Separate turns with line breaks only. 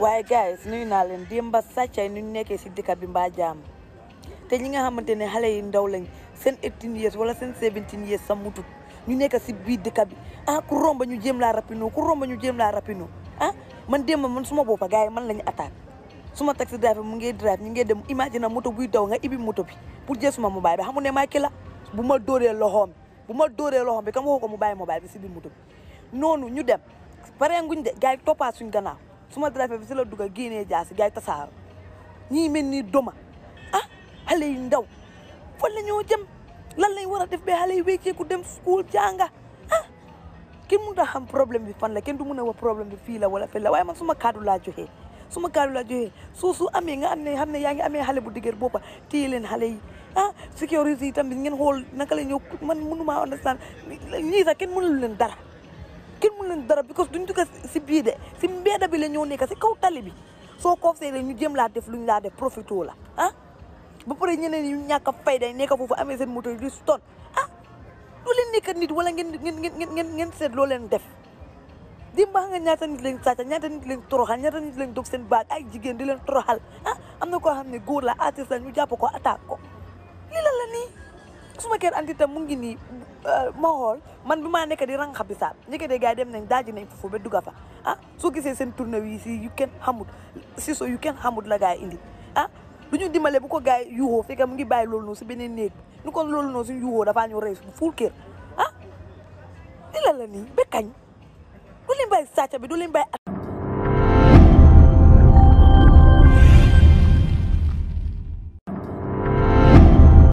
waaye guys nuyu naa leen démb ba sàccay nu ñu nekkee si dëkk bi mbaa jaam te ñi nga xamante ne xale yi ndaw lañ seen 18 years wala seen 17 years sa mutu ñu nekk si biir dëkk bi ah ku ba ñu jéem laa rapino ku ba ñu jéem laa rapino ah man ma man suma boppa gars yi man la ñu attaque suma taxi driver mu ngi drive ñu ngee dem imagine moto buy daw nga ibi moto bi pour jël suma mobile bi xamu ne maa kii la bu ma dóoree loxoom bu ma dóoree loxoom bi kam waxoo ko mu bàyyi mobile bi si biir moto noonu ñu dem pare nguñ de gars yi toppaat suñ gannaaw su ma defee bi si la dugg a génnee jaasi gars yi tasaaro ñii mel nii doma ah xale yi ndaw fan la ñoo jëm lan lañ war a def ba xale yi wécceeku dem school jànga ah kenn mënut a xam problème bi fan la kenn du mun a wax problème bi fii la wala fii la waaye man suma kaddu laa joxee suma kaddu laa joxee soo su amee nga am ne xam ne yaa ngi amee xale bu digéer boppa téye leen xale yi ah sécurité yi tamit ngeen xool naka la ñëw man mënumaa understand ñii sax kenn mënul leen dara kin mën nañ dara because duñ dugg si biir de si mbedd bi la ñoo nekk si kaw tali bi soo ko seetee ñu jëm laa def luñ laa def profito la ah ba pare ñeneen ñu ñàkk fay day nekk foofu amee seen moto di ah du leen nekk nit wala ngeen ngeen ngeen ngeen ngeen seet loo leen def di mbaax nga ñaata nit lañ sàcca ñaata nit lañ toroxal ñaata nit lañ dog seen baag ay jigéen di leen toroxal ah am na koo xam ne góor la artiste la ñu jàpp ko attaque ko lii la la nii suma kër anti tam mu ngi nii euh, ma xool man bi maa nekk di rang xa bisaab njëkkee gars yi dem nañ daaji nañ foofu ba dugga fa ah soo gisee seen tournée yi si yu kenn xamut si so yu kenn xamut la gars yi indi ah lu ñu dimbale bu ko gars yi yuuxoo fekk mu ngi bàyyi loolu noonu si beneen néeg bi ko loolu noonu suñu yuuxoo dafaa ñu rey su fuul kër ah di la la nii ba du leen bàyyi sàcca bi du leen bàyyi